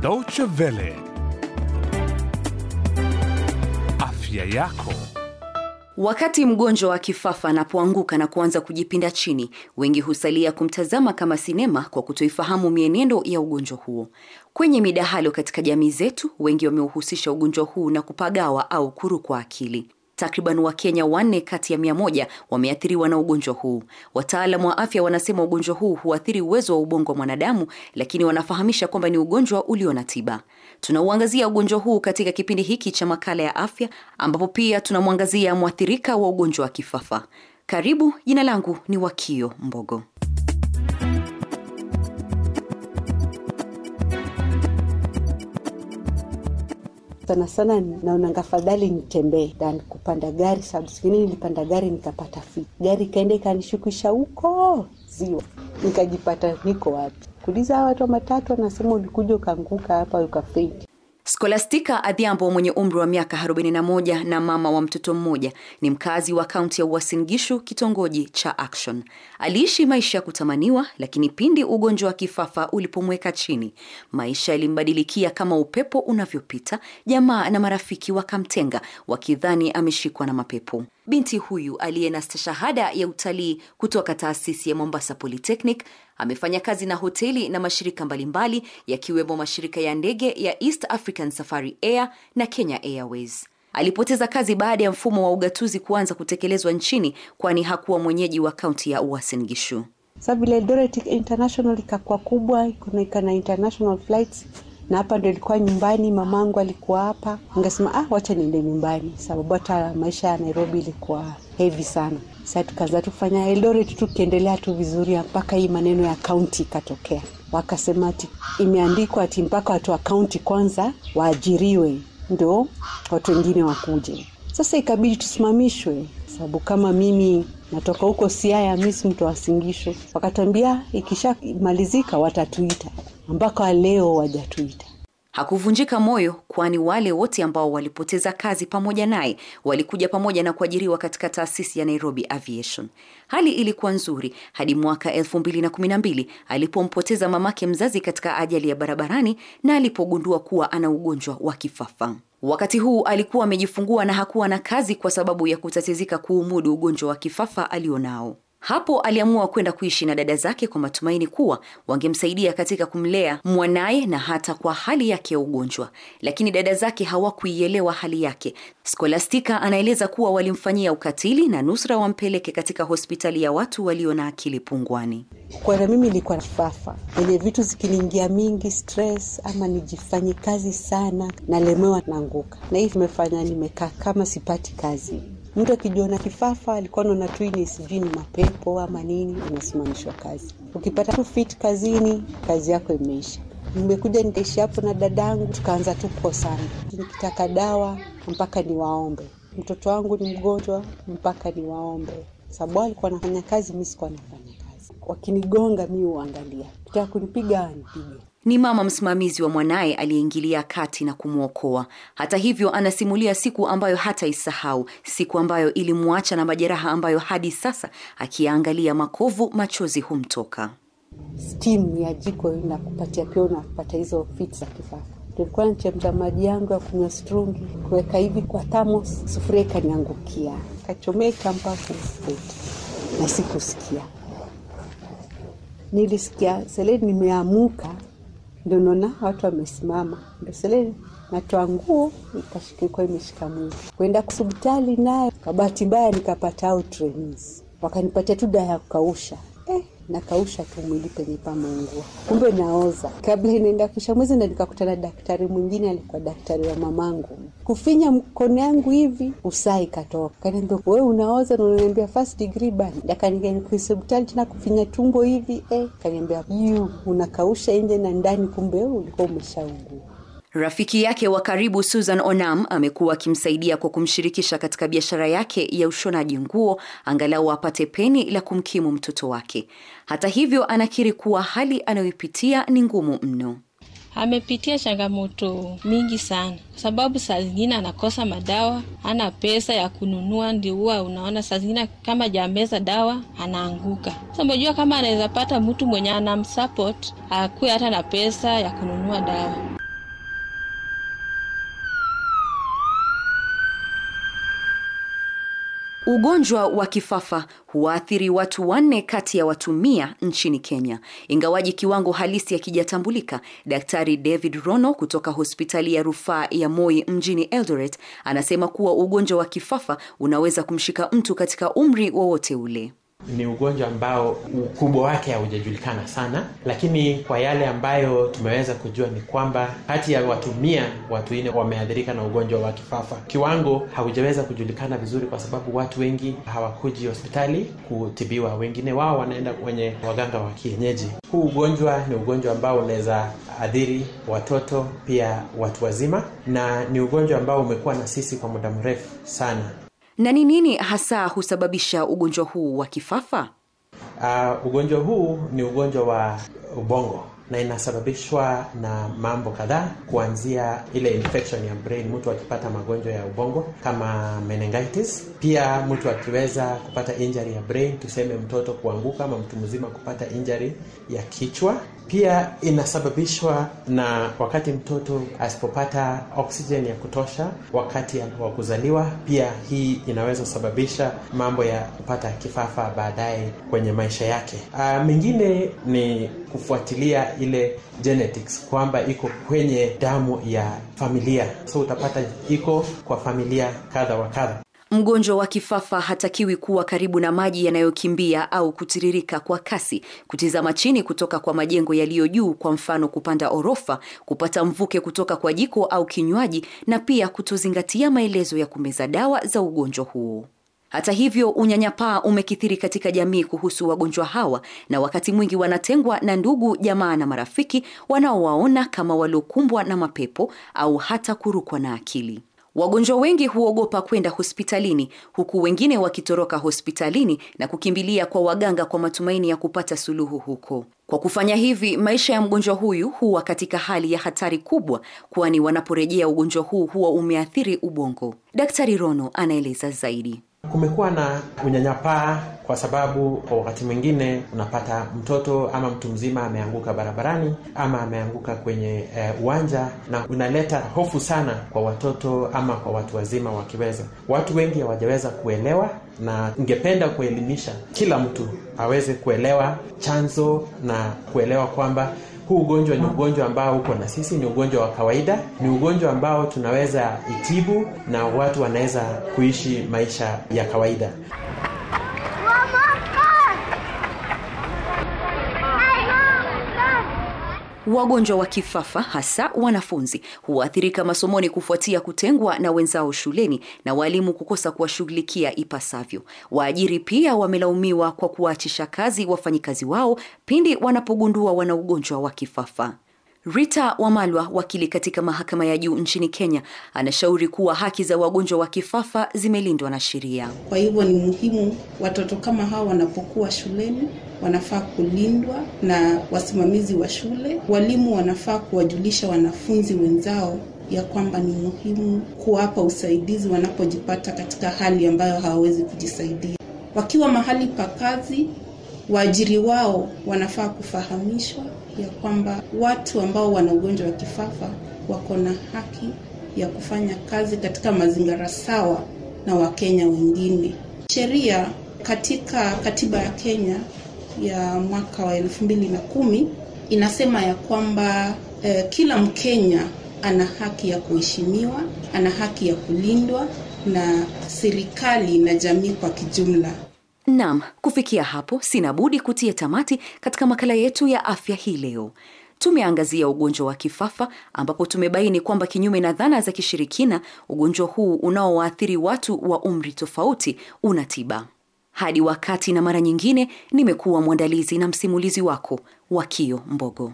Deutsche Welle. Afya yako. Wakati mgonjwa wa kifafa anapoanguka na kuanza kujipinda chini, wengi husalia kumtazama kama sinema kwa kutoifahamu mienendo ya ugonjwa huo. Kwenye midahalo katika jamii zetu, wengi wameuhusisha ugonjwa huu na kupagawa au kurukwa akili. Takriban Wakenya wanne kati ya mia moja wameathiriwa na ugonjwa huu. wataalam wa afya wanasema ugonjwa huu huathiri uwezo wa ubongo wa mwanadamu, lakini wanafahamisha kwamba ni ugonjwa ulio na tiba. Tunauangazia ugonjwa huu katika kipindi hiki cha makala ya afya, ambapo pia tunamwangazia mwathirika wa ugonjwa wa kifafa. Karibu. Jina langu ni Wakio Mbogo. sana sana naonanga fadhali nitembee dan kupanda gari, sababu sikini nilipanda gari nikapata fi gari ikaenda ikanishukisha huko ziwa, nikajipata niko wapi. kuliza watu wa matatu, anasema ulikuja ukaanguka hapa ukafeiti Scholastica Adhiambo mwenye umri wa miaka 41 na mama wa mtoto mmoja ni mkazi wa kaunti ya Uasin Gishu, kitongoji cha Action. Aliishi maisha ya kutamaniwa, lakini pindi ugonjwa wa kifafa ulipomweka chini, maisha yalimbadilikia kama upepo unavyopita. Jamaa na marafiki wakamtenga, wakidhani ameshikwa na mapepo. Binti huyu aliye na stashahada ya utalii kutoka taasisi ya Mombasa Polytechnic amefanya kazi na hoteli na mashirika mbalimbali yakiwemo mashirika ya ndege ya East African Safari Air na Kenya Airways. Alipoteza kazi baada ya mfumo wa ugatuzi kuanza kutekelezwa nchini, kwani hakuwa mwenyeji wa kaunti ya Uasin Gishu. Sababu International ikakuwa kubwa, ikawa na international flights na hapa ndo ilikuwa nyumbani, mamangu alikuwa hapa. ngasema ah, wacha niende nyumbani, sababu hata maisha ya Nairobi ilikuwa hevi sana. Sasa tukaza tufanya Eldoret, tukiendelea tu vizuri mpaka hii maneno ya kaunti ikatokea, wakasema ati imeandikwa ati mpaka watu wa kaunti kwanza waajiriwe ndo watu wengine wakuje. Sasa ikabidi tusimamishwe, sababu kama mimi natoka huko Siaya, mi si mtu wasingisho. Wakatwambia ikishamalizika watatuita, ambako leo wajatuita. Hakuvunjika moyo kwani wale wote ambao walipoteza kazi pamoja naye walikuja pamoja na kuajiriwa katika taasisi ya Nairobi Aviation. Hali ilikuwa nzuri hadi mwaka 2012 alipompoteza mamake mzazi katika ajali ya barabarani na alipogundua kuwa ana ugonjwa wa kifafa. Wakati huu alikuwa amejifungua na hakuwa na kazi kwa sababu ya kutatizika kuumudu ugonjwa wa kifafa alionao. Hapo aliamua kwenda kuishi na dada zake kwa matumaini kuwa wangemsaidia katika kumlea mwanaye na hata kwa hali yake ya ugonjwa, lakini dada zake hawakuielewa hali yake. Skolastika anaeleza kuwa walimfanyia ukatili na nusra wampeleke katika hospitali ya watu walio na akili pungwani. Kwana mimi nilikuwa fafa yenye vitu zikiniingia mingi stress, ama nijifanye kazi sana, nalemewa, nanguka na hii imefanya nimekaa kama sipati kazi Mtu akijiona kifafa, alikuwa naona tu ni sijui ni mapepo ama nini, unasimamishwa kazi. Ukipata tu fit kazini, kazi yako imeisha. Nimekuja nikaishi hapo na dadangu, tukaanza tu kukosana, nikitaka dawa mpaka niwaombe. Mtoto wangu ni mgonjwa mpaka niwaombe, sababu alikuwa anafanya kazi, mi sikuwa nafanya kazi. Wakinigonga mi huangalia, kitaka kunipiga anipige ni mama msimamizi wa mwanaye aliyeingilia kati na kumwokoa. Hata hivyo, anasimulia siku ambayo hata isahau siku ambayo ilimwacha na majeraha ambayo hadi sasa akiyaangalia makovu, machozi humtoka. stim ya jiko inakupatia pia, unapata hizo fit za kifafa. Nilikuwa nachemsha maji yangu ya kunywa strungi, kuweka hivi kwa tamo sufuria ikaniangukia, kachomeka mpaka na sikusikia. Nilisikia seleni nimeamuka ndio naona watu wamesimama, ndio natoa nguo ikashikikwa imeshika mwili kwenda kusubitali, nayo kwa bahati mbaya nikapata au wakanipatia tu dawa ya kukausha nakausha tu mwili penye pameungua, kumbe naoza. Kabla inaenda kisha mwezi, ndo nikakutana daktari mwingine, alikuwa daktari wa mamangu. Kufinya mkono yangu hivi, usaa ikatoka, kaniambia wewe unaoza, na unaniambia first degree burn. Ndakanikisibitali tena kufinya tumbo hivi eh, kaniambia yu unakausha nje na ndani, kumbe ulikuwa umeshaungua. Rafiki yake wa karibu Susan Onam amekuwa akimsaidia kwa kumshirikisha katika biashara yake ya ushonaji nguo angalau apate peni la kumkimu mtoto wake. Hata hivyo, anakiri kuwa hali anayoipitia ni ngumu mno. Amepitia changamoto mingi sana, kwa sababu saa zingine anakosa madawa, ana pesa ya kununua. Ndio huwa unaona saa zingine kama jameza dawa anaanguka. Sasa kama anaweza pata mtu mwenye anamsupport akuwe hata na pesa ya kununua dawa Ugonjwa wa kifafa huwaathiri watu wanne kati ya watu mia nchini Kenya. Ingawaji kiwango halisi hakijatambulika, Daktari David Rono kutoka hospitali ya rufaa ya Moi mjini Eldoret anasema kuwa ugonjwa wa kifafa unaweza kumshika mtu katika umri wowote ule. Ni ugonjwa ambao ukubwa wake haujajulikana sana, lakini kwa yale ambayo tumeweza kujua ni kwamba kati ya watu mia watu nne wameathirika na ugonjwa wa kifafa. Kiwango haujaweza kujulikana vizuri, kwa sababu watu wengi hawakuji hospitali kutibiwa, wengine wao wanaenda kwenye waganga wa kienyeji. Huu ugonjwa ni ugonjwa ambao unaweza adhiri watoto, pia watu wazima, na ni ugonjwa ambao umekuwa na sisi kwa muda mrefu sana. Na ni nini hasa husababisha ugonjwa huu wa kifafa? Uh, ugonjwa huu ni ugonjwa wa ubongo na inasababishwa na mambo kadhaa, kuanzia ile infection ya brain, mtu akipata magonjwa ya ubongo kama meningitis. Pia mtu akiweza kupata injury ya brain, tuseme mtoto kuanguka ama mtu mzima kupata injury ya kichwa. Pia inasababishwa na wakati mtoto asipopata oksijeni ya kutosha wakati wa kuzaliwa. Pia hii inaweza kusababisha mambo ya kupata kifafa baadaye kwenye maisha yake. Ah, mengine ni kufuatilia ile genetics kwamba iko kwenye damu ya familia, so utapata iko kwa familia kadha wa kadha. Mgonjwa wa kifafa hatakiwi kuwa karibu na maji yanayokimbia au kutiririka kwa kasi, kutizama chini kutoka kwa majengo yaliyo juu, kwa mfano kupanda orofa, kupata mvuke kutoka kwa jiko au kinywaji, na pia kutozingatia maelezo ya kumeza dawa za ugonjwa huo. Hata hivyo, unyanyapaa umekithiri katika jamii kuhusu wagonjwa hawa, na wakati mwingi wanatengwa na ndugu, jamaa na marafiki wanaowaona kama waliokumbwa na mapepo au hata kurukwa na akili. Wagonjwa wengi huogopa kwenda hospitalini huku wengine wakitoroka hospitalini na kukimbilia kwa waganga kwa matumaini ya kupata suluhu huko. Kwa kufanya hivi, maisha ya mgonjwa huyu huwa katika hali ya hatari kubwa, kwani wanaporejea ugonjwa huu huwa umeathiri ubongo. Daktari Rono anaeleza zaidi. Kumekuwa na unyanyapaa kwa sababu kwa wakati mwingine unapata mtoto ama mtu mzima ameanguka barabarani ama ameanguka kwenye e, uwanja, na unaleta hofu sana kwa watoto ama kwa watu wazima. Wakiweza watu wengi hawajaweza kuelewa, na ningependa kuelimisha kila mtu aweze kuelewa chanzo na kuelewa kwamba huu ugonjwa ni ugonjwa ambao uko na sisi, ni ugonjwa wa kawaida, ni ugonjwa ambao tunaweza itibu na watu wanaweza kuishi maisha ya kawaida. Wagonjwa wa kifafa hasa wanafunzi huathirika masomoni kufuatia kutengwa na wenzao shuleni na walimu kukosa kuwashughulikia ipasavyo. Waajiri pia wamelaumiwa kwa kuwaachisha kazi wafanyikazi wao pindi wanapogundua wana ugonjwa wa kifafa. Rita Wamalwa, wakili katika mahakama ya juu nchini Kenya, anashauri kuwa haki za wagonjwa wa kifafa zimelindwa na sheria. Kwa hivyo ni muhimu watoto kama hawa wanapokuwa shuleni wanafaa kulindwa na wasimamizi wa shule. Walimu wanafaa kuwajulisha wanafunzi wenzao ya kwamba ni muhimu kuwapa usaidizi wanapojipata katika hali ambayo hawawezi kujisaidia. Wakiwa mahali pa kazi waajiri wao wanafaa kufahamishwa ya kwamba watu ambao wana ugonjwa wa kifafa wako na haki ya kufanya kazi katika mazingira sawa na Wakenya wengine. Sheria katika katiba ya Kenya ya mwaka wa elfu mbili na kumi inasema ya kwamba eh, kila Mkenya ana haki ya kuheshimiwa, ana haki ya kulindwa na serikali na jamii kwa kijumla nam kufikia hapo sina budi kutia tamati katika makala yetu ya afya hii leo. Tumeangazia ugonjwa wa kifafa ambapo tumebaini kwamba kinyume na dhana za kishirikina, ugonjwa huu unaowaathiri watu wa umri tofauti una tiba. Hadi wakati na mara nyingine, nimekuwa mwandalizi na msimulizi wako Wakio Mbogo.